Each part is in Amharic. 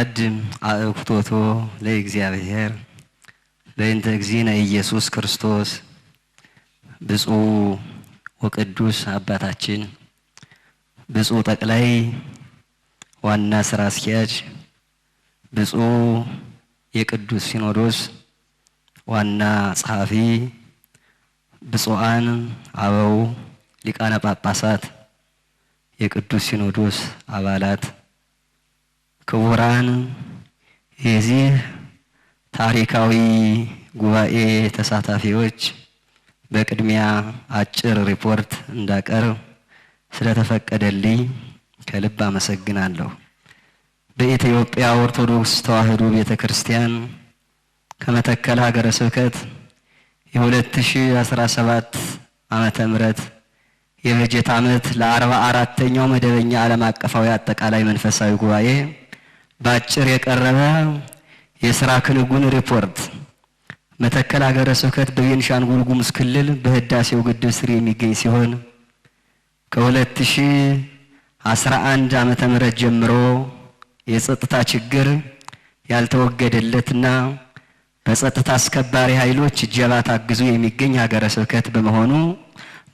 ይትቀድም አእኩቶቶ ለእግዚአብሔር በእንተ እግዚእነ ኢየሱስ ክርስቶስ ብፁዕ ወቅዱስ አባታችን ብፁዕ ጠቅላይ ዋና ስራ አስኪያጅ ብፁዕ የቅዱስ ሲኖዶስ ዋና ጸሐፊ ብፁዓን አበው ሊቃነ ጳጳሳት የቅዱስ ሲኖዶስ አባላት ክቡራን የዚህ ታሪካዊ ጉባኤ ተሳታፊዎች፣ በቅድሚያ አጭር ሪፖርት እንዳቀርብ ስለተፈቀደልኝ ከልብ አመሰግናለሁ። በኢትዮጵያ ኦርቶዶክስ ተዋሕዶ ቤተ ክርስቲያን ከመተከል ሀገረ ስብከት የ2017 ዓመተ ምሕረት የበጀት ዓመት ለአርባ አራተኛው መደበኛ ዓለም አቀፋዊ አጠቃላይ መንፈሳዊ ጉባኤ በአጭር የቀረበ የስራ ክንውን ሪፖርት መተከል ሀገረ ስብከት በቤንሻንጉል ጉሙዝ ክልል በህዳሴው ግድብ ስር የሚገኝ ሲሆን ከ2011 ዓመተ ምህረት ጀምሮ የጸጥታ ችግር ያልተወገደለትና በጸጥታ አስከባሪ ኃይሎች እጀባ ታግዞ የሚገኝ ሀገረ ስብከት በመሆኑ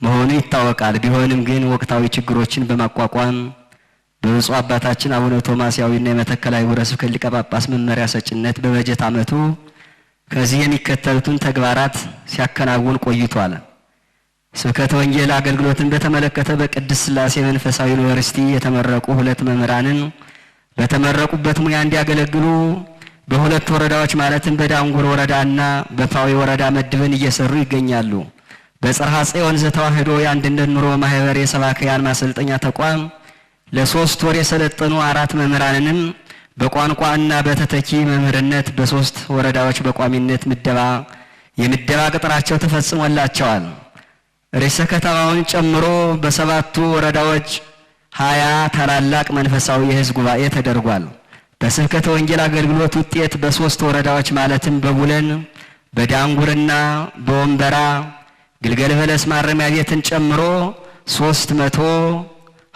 መሆኑ ይታወቃል። ቢሆንም ግን ወቅታዊ ችግሮችን በማቋቋም በብፁዕ አባታችን አቡነ ቶማስ ያዊና የመተከል ሀገረ ስብከት ሊቀ ጳጳስ መመሪያ ሰጭነት በበጀት ዓመቱ ከዚህ የሚከተሉትን ተግባራት ሲያከናውን ቆይቷል። ስብከተ ወንጌል አገልግሎትን በተመለከተ በቅድስት ሥላሴ መንፈሳዊ ዩኒቨርሲቲ የተመረቁ ሁለት መምህራንን በተመረቁበት ሙያ እንዲያገለግሉ በሁለት ወረዳዎች ማለትም በዳንጉር ወረዳና በፋዊ ወረዳ መድብን እየሰሩ ይገኛሉ። በጽርሐ ጽዮን ዘተዋህዶ የአንድነት ኑሮ ማህበር የሰባክያን ማሰልጠኛ ተቋም ለሶስት ወር የሰለጠኑ አራት መምህራንንም በቋንቋ እና በተተኪ መምህርነት በሶስት ወረዳዎች በቋሚነት ምደባ የምደባ ቅጥራቸው ተፈጽሞላቸዋል። ርዕሰ ከተማውን ጨምሮ በሰባቱ ወረዳዎች ሀያ ታላላቅ መንፈሳዊ የህዝብ ጉባኤ ተደርጓል። በስብከተ ወንጌል አገልግሎት ውጤት በሶስት ወረዳዎች ማለትም በቡለን፣ በዳንጉርና በወንበራ ግልገል በለስ ማረሚያ ቤትን ጨምሮ ሶስት መቶ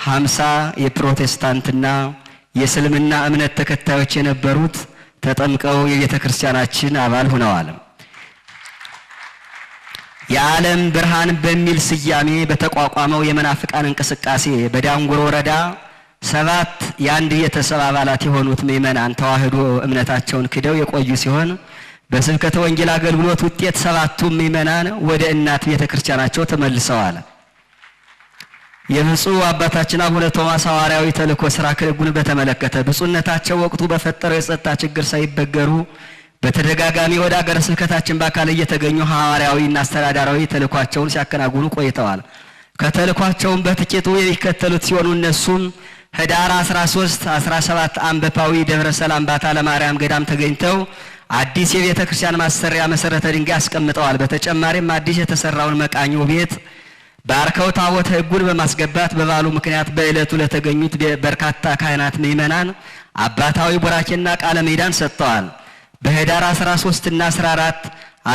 ሀምሳ የፕሮቴስታንትና የእስልምና እምነት ተከታዮች የነበሩት ተጠምቀው የቤተ ክርስቲያናችን አባል ሆነዋል። የዓለም ብርሃን በሚል ስያሜ በተቋቋመው የመናፍቃን እንቅስቃሴ በዳንጉር ወረዳ ሰባት የአንድ ቤተሰብ አባላት የሆኑት ምዕመናን ተዋህዶ እምነታቸውን ክደው የቆዩ ሲሆን በስብከተ ወንጌል አገልግሎት ውጤት ሰባቱ ምዕመናን ወደ እናት ቤተ ክርስቲያናቸው ተመልሰዋል። የብፁዕ አባታችን አቡነ ቶማስ ሐዋርያዊ ተልእኮ ስራ ክንውን በተመለከተ ብፁዕነታቸው ወቅቱ በፈጠረው የጸጥታ ችግር ሳይበገሩ በተደጋጋሚ ወደ አገረ ስብከታችን በአካል እየተገኙ እና አስተዳዳራዊ ተልኳቸውን ሲያከናውኑ ቆይተዋል። ከተልኳቸውም በጥቂቱ የሚከተሉት ሲሆኑ እነሱም ህዳር 13 17 አንበፓዊ ደብረ ሰላም ባታ ለማርያም ገዳም ተገኝተው አዲስ የቤተ ክርስቲያን ማሰሪያ መሰረተ ድንጋይ አስቀምጠዋል። በተጨማሪም አዲስ የተሰራውን መቃኞ ቤት ባርከው ታቦተ ሕጉን በማስገባት በበዓሉ ምክንያት በዕለቱ ለተገኙት በርካታ ካህናት ምእመናን አባታዊ ቡራኬና ቃለ ምዕዳን ሰጥተዋል። በህዳር 13 እና 14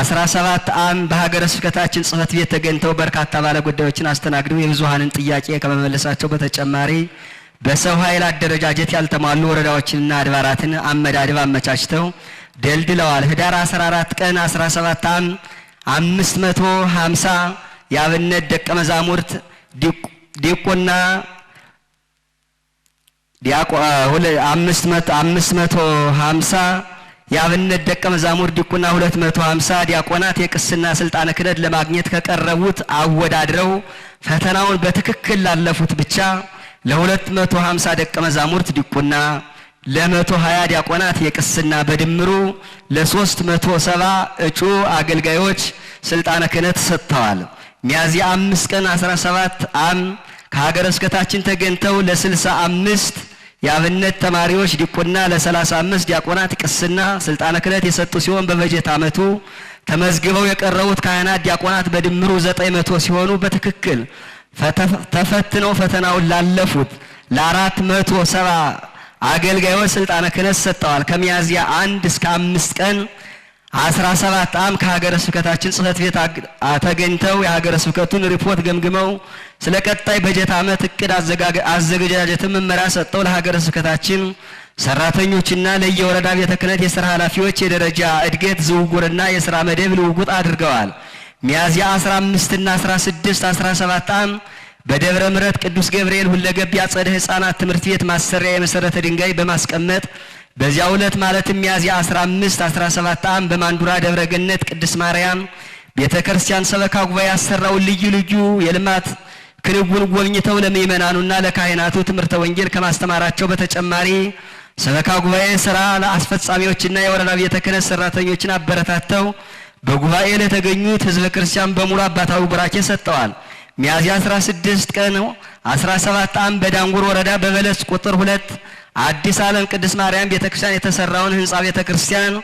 17 ዓም በሀገረ ስብከታችን ጽሕፈት ቤት ተገኝተው በርካታ ባለጉዳዮችን አስተናግደው የብዙሃንን ጥያቄ ከመመለሳቸው በተጨማሪ በሰው ኃይል አደረጃጀት ያልተሟሉ ወረዳዎችንና አድባራትን አመዳደብ አመቻችተው ደልድለዋል። ህዳር 14 ቀን 17 ዓም 550 የአብነት ደቀ መዛሙርት ዲቁና አምስት መቶ ሀምሳ የአብነት ደቀ መዛሙርት ዲቁና ሁለት መቶ ሀምሳ ዲያቆናት የቅስና ስልጣነ ክህነት ለማግኘት ከቀረቡት አወዳድረው ፈተናውን በትክክል ላለፉት ብቻ ለሁለት መቶ ሀምሳ ደቀ መዛሙርት ዲቁና ለመቶ ሀያ ዲያቆናት የቅስና በድምሩ ለሶስት መቶ ሰባ እጩ አገልጋዮች ስልጣነ ክህነት ሰጥተዋል። ሚያዝያ አምስት ቀን 17 አም ከሀገረ ስብከታችን ተገኝተው ለ65 የአብነት ተማሪዎች ዲቁና ለ35 ዲያቆናት ቅስና ስልጣነ ክህነት የሰጡ ሲሆን በበጀት ዓመቱ ተመዝግበው የቀረቡት ካህናት ዲያቆናት በድምሩ 900 ሲሆኑ በትክክል ተፈትነው ፈተናውን ላለፉት ለአራት መቶ ሰባ አገልጋዮች ስልጣነ ክህነት ሰጠዋል። ከሚያዝያ አንድ እስከ 5 ቀን አስራ ሰባት ጣም ከሀገረ ስብከታችን ጽህፈት ቤት ተገኝተው የሀገረ ስብከቱን ሪፖርት ገምግመው ስለ ቀጣይ በጀት ዓመት እቅድ አዘገጃጀትን መመሪያ ሰጠው። ለሀገረ ስብከታችን ሰራተኞችና ለየወረዳ ቤተ ክህነት የስራ ኃላፊዎች የደረጃ እድገት ዝውውርና የስራ መደብ ልውውጥ አድርገዋል። ሚያዝያ 15 እና 16 17 ዓም በደብረ ምረት ቅዱስ ገብርኤል ሁለገብ ያጸደ ህፃናት ትምህርት ቤት ማሰሪያ የመሰረተ ድንጋይ በማስቀመጥ በዚያ ዕለት ማለትም ሚያዝያ 15 17 ዓም በማንዱራ ደብረ ገነት ቅድስት ማርያም ቤተ ክርስቲያን ሰበካ ጉባኤ ያሰራውን ልዩ ልዩ የልማት ክንውን ጎብኝተው ለምእመናኑና ለካህናቱ ትምህርተ ወንጌል ከማስተማራቸው በተጨማሪ ሰበካ ጉባኤ ስራ ለአስፈጻሚዎችና የወረዳ ቤተ ክህነት ሰራተኞችን አበረታተው በጉባኤ ለተገኙት ህዝበ ክርስቲያን በሙሉ አባታዊ ቡራኬ ሰጥተዋል። ሚያዝያ 16 ቀን 17 ዓም በዳንጉር ወረዳ በበለስ ቁጥር ሁለት አዲስ ዓለም ቅድስት ማርያም ቤተክርስቲያን የተሰራውን ህንጻ ቤተክርስቲያን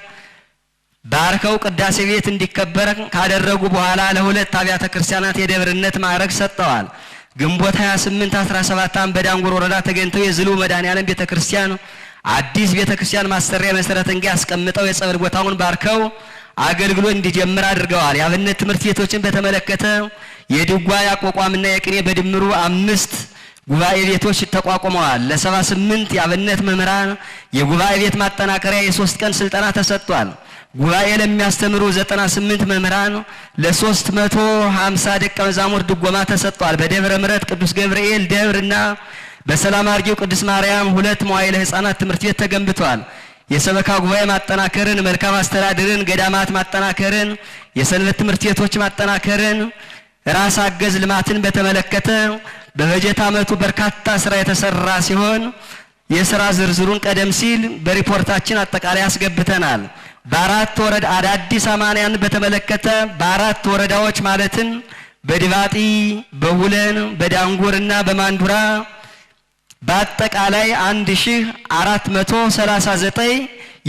ባርከው ቅዳሴ ቤት እንዲከበር ካደረጉ በኋላ ለሁለት አብያተ ክርስቲያናት የደብርነት ማዕረግ ሰጥተዋል። ግንቦት 28 17 በዳንጎር ወረዳ ተገኝተው የዝሉ መድኃኔዓለም ቤተክርስቲያን አዲስ ቤተክርስቲያን ማሰሪያ መሰረት ድንጋይ አስቀምጠው የጸበል ቦታውን ባርከው አገልግሎት እንዲጀምር አድርገዋል። የአብነት ትምህርት ቤቶችን በተመለከተ የድጓ፣ የአቋቋምና የቅኔ በድምሩ አምስት ጉባኤ ቤቶች ተቋቁመዋል። ለሰባ ስምንት የአብነት መምህራን የጉባኤ ቤት ማጠናከሪያ የሶስት ቀን ስልጠና ተሰጥቷል። ጉባኤ ለሚያስተምሩ 98 ስምንት መምህራን ለሶስት መቶ ደቀ መዛሙርት ድጎማ ተሰጥቷል። በደብረ ምረት ቅዱስ ገብርኤል ደብርና በሰላም አርጌው ቅዱስ ማርያም ሁለት መዋዕለ ሕፃናት ትምህርት ቤት ተገንብቷል። የሰበካ ጉባኤ ማጠናከርን፣ መልካም አስተዳደርን፣ ገዳማት ማጠናከርን፣ የሰንበት ትምህርት ቤቶች ማጠናከርን፣ ራስ አገዝ ልማትን በተመለከተ በበጀት ዓመቱ በርካታ ስራ የተሰራ ሲሆን የስራ ዝርዝሩን ቀደም ሲል በሪፖርታችን አጠቃላይ አስገብተናል። በአራት ወረዳ አዳዲስ አማንያን በተመለከተ በአራት ወረዳዎች ማለትም በድባጢ፣ በሁለን፣ በዳንጉርና በማንዱራ በአጠቃላይ 1439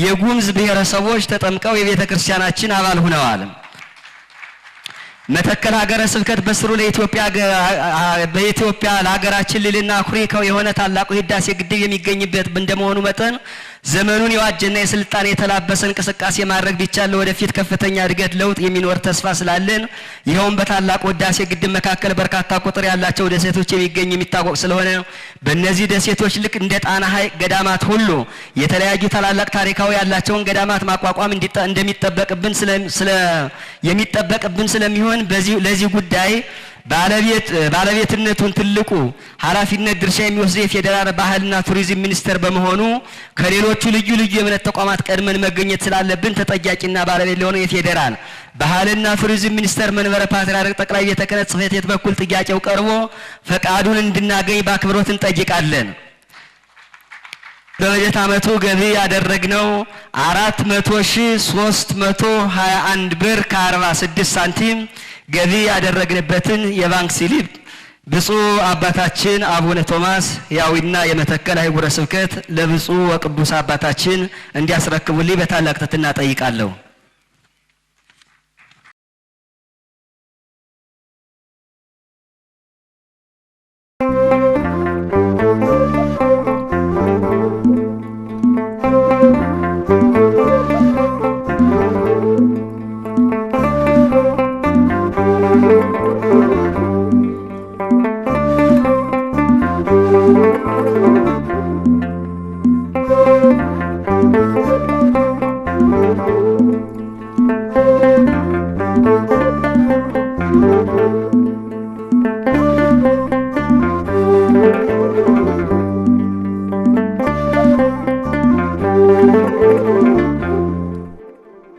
የጉምዝ ብሔረሰቦች ተጠምቀው የቤተ ክርስቲያናችን አባል ሁነዋል። መተከል ሀገረ ስብከት በስሩ ለኢትዮጵያ በኢትዮጵያ ለሀገራችን ልልና ኩሪ የሆነ ታላቁ ህዳሴ ግድብ የሚገኝበት እንደመሆኑ መጠን ዘመኑን የዋጀና የስልጣን የተላበሰ እንቅስቃሴ ማድረግ ቢቻል ወደፊት ከፍተኛ እድገት፣ ለውጥ የሚኖር ተስፋ ስላለን ይኸውም በታላቅ ህዳሴ ግድብ መካከል በርካታ ቁጥር ያላቸው ደሴቶች የሚገኝ የሚታወቅ ስለሆነ በእነዚህ ደሴቶች ልክ እንደ ጣና ሐይቅ ገዳማት ሁሉ የተለያዩ ታላላቅ ታሪካዊ ያላቸውን ገዳማት ማቋቋም እንደሚጠበቅብን ስለሚሆን በዚህ ለዚህ ጉዳይ ባለቤትነቱን ትልቁ ኃላፊነት ድርሻ የሚወስድ የፌዴራል ባህልና ቱሪዝም ሚኒስቴር በመሆኑ ከሌሎቹ ልዩ ልዩ የእምነት ተቋማት ቀድመን መገኘት ስላለብን ተጠያቂና ባለቤት ለሆነው የፌዴራል ባህልና ቱሪዝም ሚኒስቴር መንበረ ፓትርያርክ ጠቅላይ ቤተ ክህነት ጽሕፈት ቤት በኩል ጥያቄው ቀርቦ ፈቃዱን እንድናገኝ በአክብሮት እንጠይቃለን። በበጀት ዓመቱ ገቢ ያደረግነው አራት መቶ ሺህ ሶስት መቶ ሀያ አንድ ብር ከአርባ ስድስት ሳንቲም ገቢ ያደረግንበትን የባንክ ስሊፕ ብፁዕ አባታችን አቡነ ቶማስ ያዊና የመተከል አህጉረ ስብከት ለብፁዕ ወቅዱስ አባታችን እንዲያስረክቡልኝ በታላቅ ትሕትና ጠይቃለሁ።